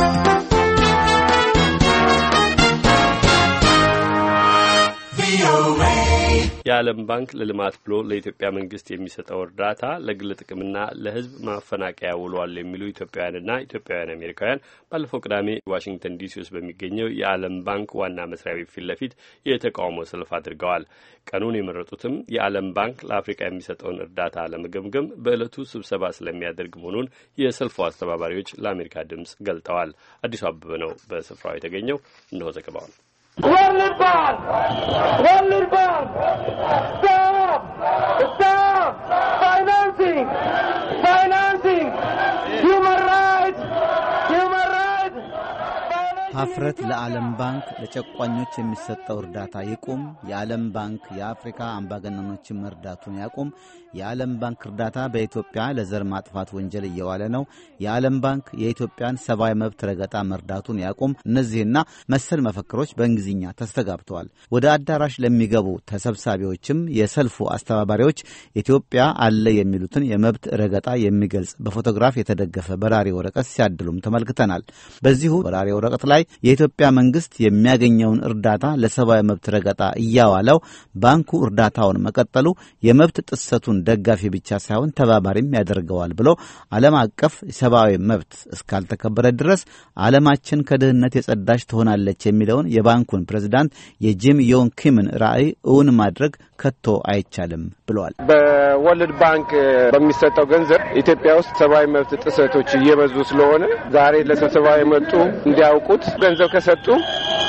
Thank you. የዓለም ባንክ ለልማት ብሎ ለኢትዮጵያ መንግስት የሚሰጠው እርዳታ ለግል ጥቅምና ለሕዝብ ማፈናቀያ ውሏል የሚሉ ኢትዮጵያውያንና ኢትዮጵያውያን አሜሪካውያን ባለፈው ቅዳሜ ዋሽንግተን ዲሲ ውስጥ በሚገኘው የዓለም ባንክ ዋና መስሪያ ቤት ፊት ለፊት የተቃውሞ ሰልፍ አድርገዋል። ቀኑን የመረጡትም የዓለም ባንክ ለአፍሪካ የሚሰጠውን እርዳታ ለመገምገም በዕለቱ ስብሰባ ስለሚያደርግ መሆኑን የሰልፉ አስተባባሪዎች ለአሜሪካ ድምጽ ገልጠዋል። አዲሱ አበበ ነው በስፍራው የተገኘው። እነሆ ዘገባውን። Go! ሀፍረት ለዓለም ባንክ ለጨቋኞች የሚሰጠው እርዳታ ይቁም። የዓለም ባንክ የአፍሪካ አምባገነኖችን መርዳቱን ያቁም። የዓለም ባንክ እርዳታ በኢትዮጵያ ለዘር ማጥፋት ወንጀል እየዋለ ነው። የዓለም ባንክ የኢትዮጵያን ሰብአዊ መብት ረገጣ መርዳቱን ያቁም። እነዚህና መሰል መፈክሮች በእንግሊዝኛ ተስተጋብተዋል። ወደ አዳራሽ ለሚገቡ ተሰብሳቢዎችም የሰልፉ አስተባባሪዎች ኢትዮጵያ አለ የሚሉትን የመብት ረገጣ የሚገልጽ በፎቶግራፍ የተደገፈ በራሪ ወረቀት ሲያድሉም ተመልክተናል። በዚሁ በራሪ ወረቀት ላይ የኢትዮጵያ መንግስት የሚያገኘውን እርዳታ ለሰብአዊ መብት ረገጣ እያዋለው ባንኩ እርዳታውን መቀጠሉ የመብት ጥሰቱን ደጋፊ ብቻ ሳይሆን ተባባሪም ያደርገዋል ብሎ ዓለም አቀፍ ሰብአዊ መብት እስካልተከበረ ድረስ ዓለማችን ከድህነት የጸዳች ትሆናለች የሚለውን የባንኩን ፕሬዚዳንት የጂም ዮን ኪምን ራዕይ እውን ማድረግ ከቶ አይቻልም ብለዋል። በወርልድ ባንክ በሚሰጠው ገንዘብ ኢትዮጵያ ውስጥ ሰብአዊ መብት ጥሰቶች እየበዙ ስለሆነ ዛሬ ለስብሰባ የመጡ እንዲያውቁት ገንዘብ ከሰጡ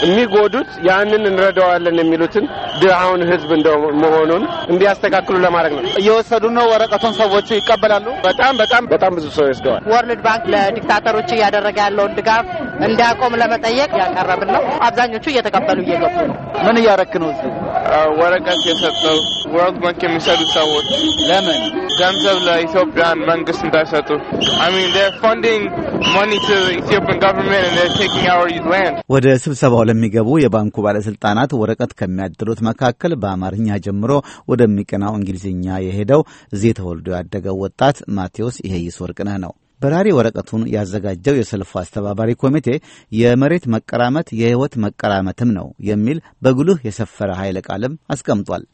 የሚጎዱት ያንን እንረዳዋለን የሚሉትን ድሃውን ህዝብ እንደ መሆኑን እንዲያስተካክሉ ለማድረግ ነው። እየወሰዱ ነው ወረቀቱን ሰዎቹ ይቀበላሉ። በጣም በጣም በጣም ብዙ ሰው ይወስደዋል። ወርልድ ባንክ ለዲክታተሮች እያደረገ ያለውን ድጋፍ እንዲያቆም ለመጠየቅ ያቀረብን ነው። አብዛኞቹ እየተቀበሉ እየገቡ ነው። ምን እያረክ ነው? እዚህ ወረቀት የሰጠው ወርልድ ባንክ የሚሰሩት ሰዎች ለምን ገንዘብ ለኢትዮጵያ መንግስት እንዳይሰጡ ወደ ስብሰባው ለሚገቡ የባንኩ ባለስልጣናት ወረቀት ከሚያድሉት መካከል በአማርኛ ጀምሮ ወደሚቀናው እንግሊዝኛ የሄደው እዚህ ተወልዶ ያደገው ወጣት ማቴዎስ ይሄይስ ወርቅነህ ነው። በራሪ ወረቀቱን ያዘጋጀው የሰልፉ አስተባባሪ ኮሚቴ የመሬት መቀራመት የህይወት መቀራመትም ነው የሚል በጉልህ የሰፈረ ኃይለ ቃልም አስቀምጧል።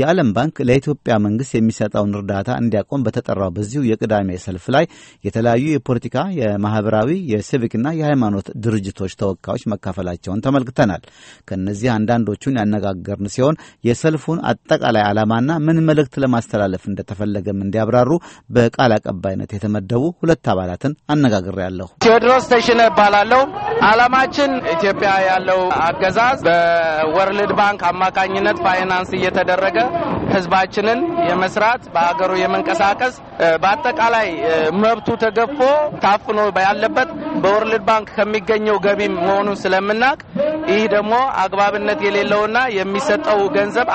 የዓለም ባንክ ለኢትዮጵያ መንግሥት የሚሰጠውን እርዳታ እንዲያቆም በተጠራው በዚሁ የቅዳሜ ሰልፍ ላይ የተለያዩ የፖለቲካ፣ የማኅበራዊ፣ የሲቪክና የሃይማኖት ድርጅቶች ተወካዮች መካፈላቸውን ተመልክተናል። ከእነዚህ አንዳንዶቹን ያነጋገርን ሲሆን የሰልፉን አጠቃላይ ዓላማና ምን መልእክት ለማስተላለፍ እንደተፈለገም እንዲያብራሩ በቃል አቀባይነት የተመደቡ ሁለት አባላትን አነጋግሬያለሁ። ቴዎድሮስ ተሽነ እባላለሁ። ዓላማችን ኢትዮጵያ ያለው አገዛዝ በወርልድ ባንክ አማካኝነት ፋይናንስ እየተደረገ ህዝባችንን የመስራት በሀገሩ የመንቀሳቀስ በአጠቃላይ መብቱ ተገፎ ታፍኖ ያለበት በወርልድ ባንክ ከሚገኘው ገቢም መሆኑን ስለምናውቅ ይህ ደግሞ አግባብነት የሌለውና የሚሰጠው ገንዘብ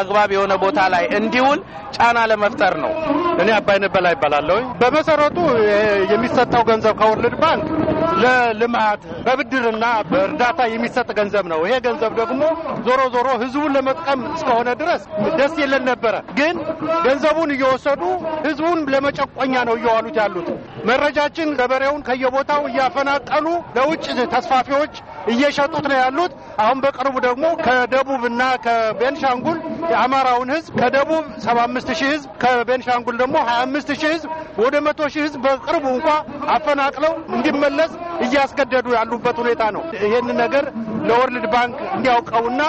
አግባብ የሆነ ቦታ ላይ እንዲውል ጫና ለመፍጠር ነው። እኔ አባይነህ በላይ ይባላለሁ። በመሰረቱ የሚሰጠው ገንዘብ ከወርልድ ባንክ ለልማት በብድርና በእርዳታ የሚሰጥ ገንዘብ ነው። ይሄ ገንዘብ ደግሞ ዞሮ ዞሮ ህዝቡን ለመጥቀም እስከሆነ ድረስ ደስ የለን ነበረ። ግን ገንዘቡን እየወሰዱ ህዝቡን ለመጨቆኛ ነው እየዋሉት ያሉት። መረጃችን ገበሬውን ከየቦታው እያፈናቀሉ ለውጭ ተስፋፊዎች እየሸጡት ነው ያሉት። አሁን በቅርቡ ደግሞ ከደቡብ እና ከቤንሻንጉል የአማራውን ህዝብ ከደቡብ 75 ሺህ ህዝብ ከቤንሻንጉል ደግሞ 25 ሺህ ህዝብ ወደ 100 ሺህ ህዝብ በቅርቡ እንኳ አፈናቅለው እንዲመለስ እያስገደዱ ያሉበት ሁኔታ ነው። ይህን ነገር ለወርልድ ባንክ እንዲያውቀውና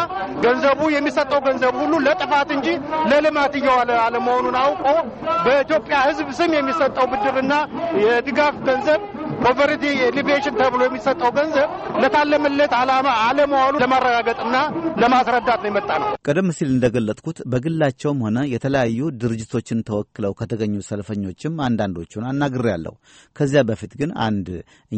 ገንዘቡ የሚሰጠው ገንዘብ ሁሉ ለጥፋት እንጂ ለልማት እየዋለ አለመሆኑን አውቆ በኢትዮጵያ ህዝብ ስም የሚሰጠው ብድርና የድጋፍ ገንዘብ ፖቨርቲ ሊቤሽን ተብሎ የሚሰጠው ገንዘብ ለታለመለት ዓላማ አለመዋሉ ለማረጋገጥና ለማስረዳት ነው የመጣ ነው። ቀደም ሲል እንደገለጥኩት በግላቸውም ሆነ የተለያዩ ድርጅቶችን ተወክለው ከተገኙ ሰልፈኞችም አንዳንዶቹን አናግሬያለሁ። ከዚያ በፊት ግን አንድ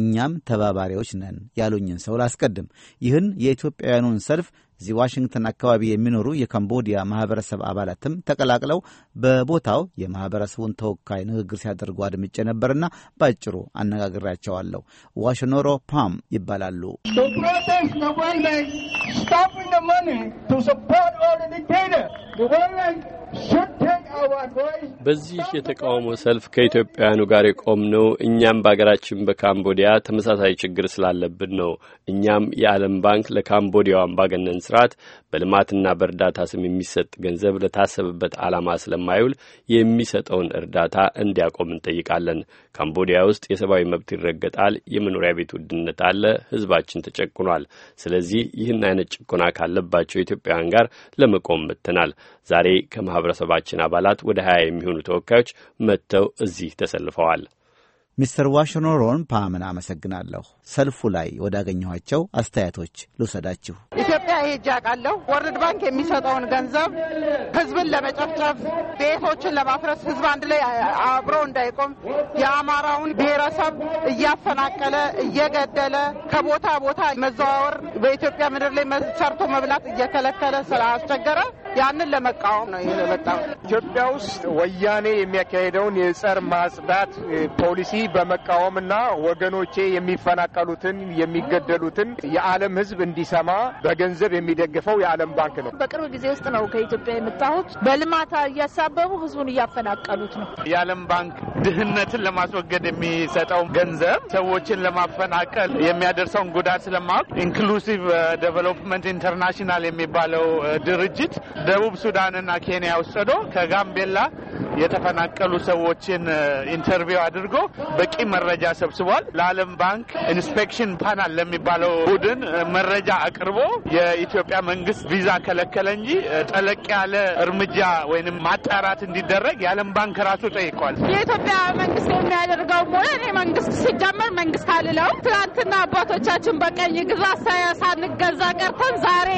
እኛም ተባባሪዎች ነን ያሉኝን ሰው ላስቀድም። ይህን የኢትዮጵያውያኑን ሰልፍ እዚህ ዋሽንግተን አካባቢ የሚኖሩ የካምቦዲያ ማህበረሰብ አባላትም ተቀላቅለው በቦታው የማህበረሰቡን ተወካይ ንግግር ሲያደርጉ አድምጬ ነበርና ባጭሩ አነጋግሬያቸዋለሁ። ዋሽኖሮ ፓም ይባላሉ። በዚህ የተቃውሞ ሰልፍ ከኢትዮጵያውያኑ ጋር ነው። እኛም በሀገራችን በካምቦዲያ ተመሳሳይ ችግር ስላለብን ነው። እኛም የዓለም ባንክ ለካምቦዲያው አምባገነን ስርዓት በልማትና በእርዳታ ስም የሚሰጥ ገንዘብ ለታሰበበት ዓላማ ስለማይውል የሚሰጠውን እርዳታ እንዲያቆም እንጠይቃለን። ካምቦዲያ ውስጥ የሰብአዊ መብት ይረገጣል፣ የመኖሪያ ቤት ውድነት አለ፣ ህዝባችን ተጨቁኗል። ስለዚህ ይህን አይነት ጭቆና ካለባቸው ኢትዮጵያውያን ጋር ለመቆም መጥተናል። ዛሬ ከማህበረሰባችን አባላት ወደ ሀያ የሚሆኑ ተወካዮች መጥተው እዚህ ተሰልፈዋል። ሚስተር ዋሽኖሮን ፓምን አመሰግናለሁ። ሰልፉ ላይ ወዳገኘኋቸው አስተያየቶች ልውሰዳችሁ። ኢትዮጵያ ሄጄ አውቃለሁ። ወርልድ ባንክ የሚሰጠውን ገንዘብ ህዝብን ለመጨፍጨፍ፣ ቤቶችን ለማፍረስ፣ ህዝብ አንድ ላይ አብሮ እንዳይቆም የአማራውን ብሔረሰብ እያፈናቀለ እየገደለ ከቦታ ቦታ መዘዋወር በኢትዮጵያ ምድር ላይ ሰርቶ መብላት እየከለከለ አስቸገረ ያንን ለመቃወም ነው የመጣው። ኢትዮጵያ ውስጥ ወያኔ የሚያካሄደውን የጸር ማጽዳት ፖሊሲ በመቃወምና ወገኖቼ የሚፈናቀሉትን የሚገደሉትን የዓለም ሕዝብ እንዲሰማ በገንዘብ የሚደግፈው የዓለም ባንክ ነው። በቅርብ ጊዜ ውስጥ ነው ከኢትዮጵያ የመጣሁት። በልማት እያሳበቡ ሕዝቡን እያፈናቀሉት ነው። የዓለም ባንክ ድህነትን ለማስወገድ የሚሰጠው ገንዘብ ሰዎችን ለማፈናቀል የሚያደርሰውን ጉዳት ስለማወቅ ኢንክሉሲቭ ዴቨሎፕመንት ኢንተርናሽናል የሚባለው ድርጅት ደቡብ ሱዳንና ኬንያ ውስጥ ሄዶ ከጋምቤላ የተፈናቀሉ ሰዎችን ኢንተርቪው አድርጎ በቂ መረጃ ሰብስቧል። ለዓለም ባንክ ኢንስፔክሽን ፓናል ለሚባለው ቡድን መረጃ አቅርቦ የኢትዮጵያ መንግስት ቪዛ ከለከለ እንጂ ጠለቅ ያለ እርምጃ ወይንም ማጣራት እንዲደረግ የዓለም ባንክ ራሱ ጠይቋል። የኢትዮጵያ መንግስት የሚያደርገው ሆነ አልለው ትናንትና አባቶቻችን በቀኝ ግዛት ሳንገዛ ቀርተን ዛሬ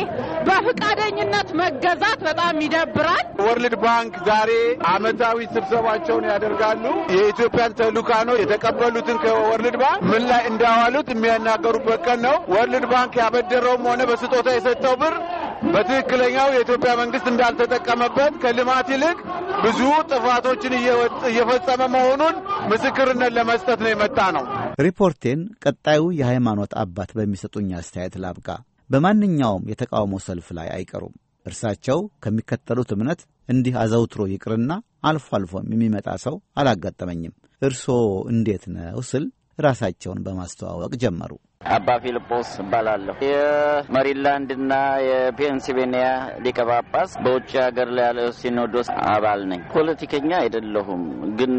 በፍቃደኝነት መገዛት በጣም ይደብራል። ወርልድ ባንክ ዛሬ አመታዊ ስብሰባቸውን ያደርጋሉ። የኢትዮጵያን ተልዕካኖ የተቀበሉትን ከወርልድ ባንክ ምን ላይ እንዳዋሉት የሚያናገሩበት ቀን ነው። ወርልድ ባንክ ያበደረውም ሆነ በስጦታ የሰጠው ብር በትክክለኛው የኢትዮጵያ መንግስት እንዳልተጠቀመበት ከልማት ይልቅ ብዙ ጥፋቶችን እየፈጸመ መሆኑን ምስክርነት ለመስጠት ነው የመጣ ነው። ሪፖርቴን ቀጣዩ የሃይማኖት አባት በሚሰጡኝ አስተያየት ላብቃ። በማንኛውም የተቃውሞ ሰልፍ ላይ አይቀሩም። እርሳቸው ከሚከተሉት እምነት እንዲህ አዘውትሮ ይቅርና አልፎ አልፎም የሚመጣ ሰው አላጋጠመኝም። እርስዎ እንዴት ነው ስል ራሳቸውን በማስተዋወቅ ጀመሩ። አባ ፊልጶስ እባላለሁ። የመሪላንድና የፔንሲልቬኒያ ሊቀ ጳጳስ፣ በውጭ ሀገር ላይ ያለ ሲኖዶስ አባል ነኝ። ፖለቲከኛ አይደለሁም፣ ግን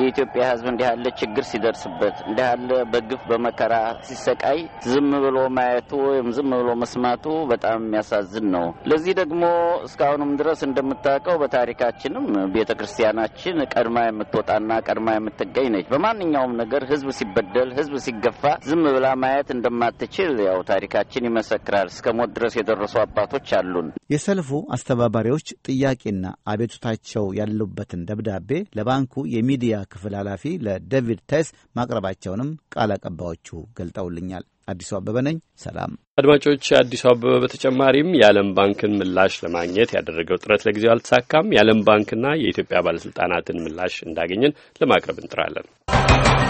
የኢትዮጵያ ሕዝብ እንዲህ ያለ ችግር ሲደርስበት እንዲህ ያለ በግፍ በመከራ ሲሰቃይ ዝም ብሎ ማየቱ ወይም ዝም ብሎ መስማቱ በጣም የሚያሳዝን ነው። ለዚህ ደግሞ እስካሁንም ድረስ እንደምታውቀው በታሪካችንም ቤተ ክርስቲያናችን ቀድማ የምትወጣና ቀድማ የምትገኝ ነች። በማንኛውም ነገር ሕዝብ ሲበደል፣ ሕዝብ ሲገፋ ዝም ብላ ማየ ማየት እንደማትችል ያው ታሪካችን ይመሰክራል። እስከ ሞት ድረስ የደረሱ አባቶች አሉን። የሰልፉ አስተባባሪዎች ጥያቄና አቤቱታቸው ያሉበትን ደብዳቤ ለባንኩ የሚዲያ ክፍል ኃላፊ ለዴቪድ ታይስ ማቅረባቸውንም ቃል አቀባዮቹ ገልጠውልኛል። አዲሱ አበበ ነኝ። ሰላም አድማጮች። አዲሱ አበበ በተጨማሪም የዓለም ባንክን ምላሽ ለማግኘት ያደረገው ጥረት ለጊዜው አልተሳካም። የዓለም ባንክና የኢትዮጵያ ባለስልጣናትን ምላሽ እንዳገኘን ለማቅረብ እንጥራለን።